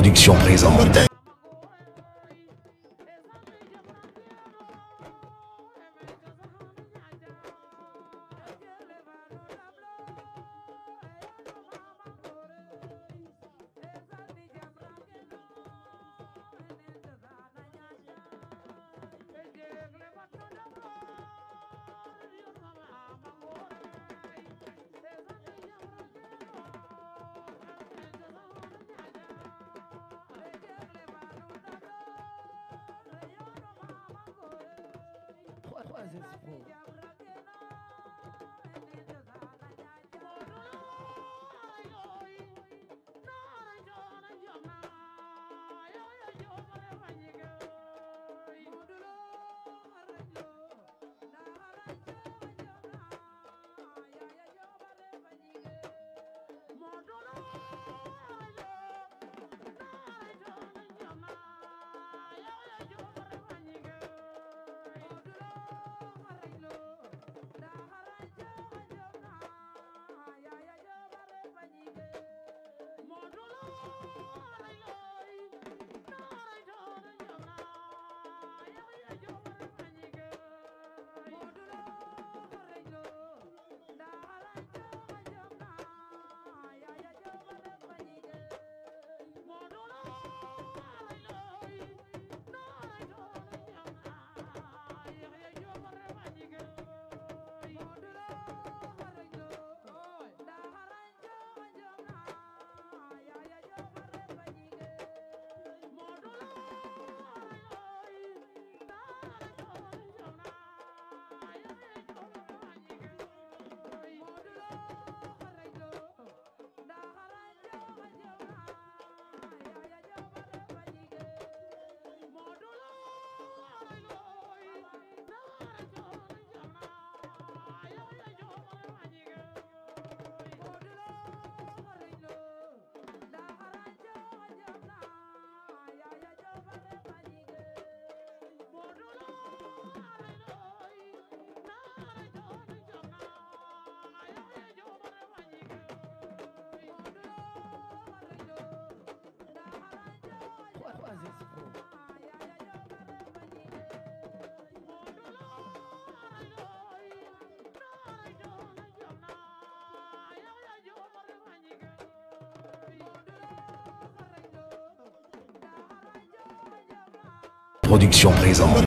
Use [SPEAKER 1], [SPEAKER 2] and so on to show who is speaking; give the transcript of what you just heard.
[SPEAKER 1] production présente
[SPEAKER 2] désespoir.
[SPEAKER 1] Production présente